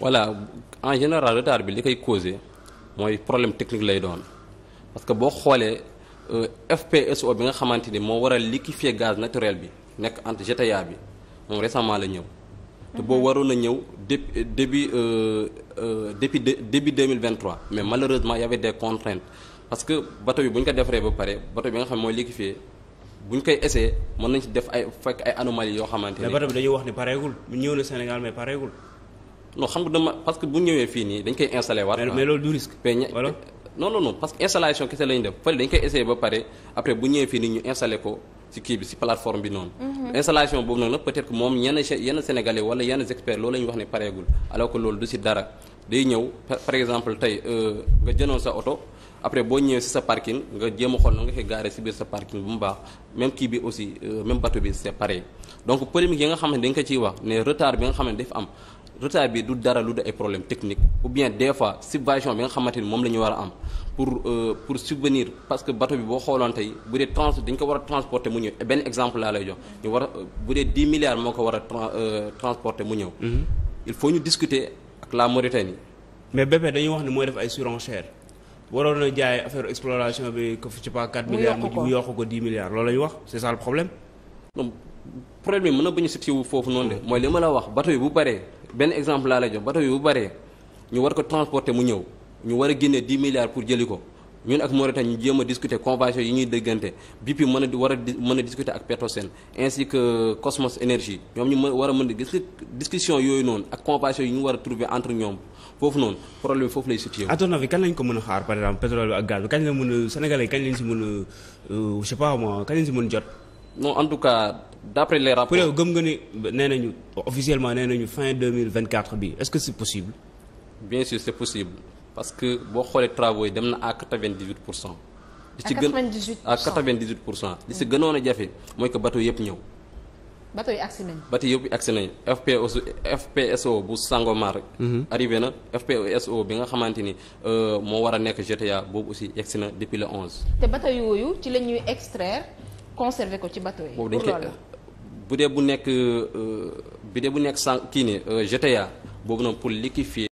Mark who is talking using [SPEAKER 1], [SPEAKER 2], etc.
[SPEAKER 1] voilà en général retard bi li koy causé mooy problème technique lay doon parce que boo xoolee euh, FPSO bi nga xamante ni moo war a liquéfier gaz naturel bi nekk entre GTA bi moom récemment la ñëw. te boo mhm. waroon a ñëw depuis début euh, euh, depuis début 2023 mais malheureusement y avait des contraintes parce que bato bi buñ ko defaree ba pare bato bi nga xam mooy liquéfier bu ñu koy ese mën nañ ci def ay fekk ay anomalies yoo xamante ne. mais bateau bi dañuy wax ni pareegul ñëw na Sénégal mais non xam nga dama parce que bu ñëwee fii nii dañ koy installé waat. parce que installation kese lañu def fële dañ koy essayé ba pare après bu ñëwee fii nii ñu installé ko ci kii bi ci plateforme bi noonu. Mhm. installation boobu nag peut-être que moom yenn yenn sénégalais wala yenn experts loolu la ñu wax ne pareegul alors par exemple tey euh, nga jënoon sa oto. après boo ñëwee ci sa parking nga jéem a xool na nga koy gaaree ci biir sa parking bu mu baax même kii bi aussi euh, même bateau bi c'est pareil donc nga xam ne dañ ko ci wax ne retard bi nga xam ne daf am retard bi du dara lu da ay problème technique ou bien des fois subvention bi nga xamante ni moom la war a am pour euh, pour subvenir parce que bateau bi boo xooloon tey bu dee trans ko war a transporter mu ñëw benn exemple laa lay euh, moo ko war a euh, transporter mu ñëw. Mhm. il ñu discuter ak la Mauritanie. mais BP dañuy wax ne mooy def ay surenchère waroon a jaay
[SPEAKER 2] affaire exploration bi ko ci pas 4 milliards mu yokk ko 10 milliards loolu la wax c'est ça problème.
[SPEAKER 1] problème mën na bañ a situé wu foofu noonu de. Mm. mooy li ma la wax bateau yi bu baree. benn exemple laa lay jox bateau yu bëree ñu war ko transporter mu ñëw ñu war a génne 10 milliards pour jëli ko ñun ak Mauritanie ñu jéem a discuter convention yi ñuy déggante BP mën a a mën a discuter ak Petrosen ainsi que Cosmos Energy ñoom ñu mën war a mën a gis discussion yooyu noonu ak convention yi ñu war a trouver entre ñoom foofu noonu problème bi foofu lay situé à
[SPEAKER 2] ton avis kañ lañ ko mën a xaar par exemple pétrole bi ak gaz bi kañ la mën a sénégalais kañ lañ si mën a euh, kañ lañ si mën jot
[SPEAKER 1] non en tout cas
[SPEAKER 2] d'après les rapports pour yow gëm nga ni nee nañu officiellement nee nañu fin 2024 bi est-ce que c'est possible.
[SPEAKER 1] bien sûr c'est possible parce que boo xoolee travaux yi dem na à 98 pour cent. li pour cent li ci mm. gënoon a jafe mooy que bateau yëpp ñëw. bateau yi agsi nañu. bateau yëpp agsi FPSO bu Sangomar. Mm-hmm. arrivé na FPSO bi nga xamante ni euh, moo war a nekk GTA boobu aussi yegsi na depuis le 11. te bateau yooyu ci la ñuy extraire conserver ko ci bateau yi. boobu dañ koy bu dee bu nekk euh, bu dee bu nekk sans kii ne euh, GTA boobu
[SPEAKER 2] noonu pour fii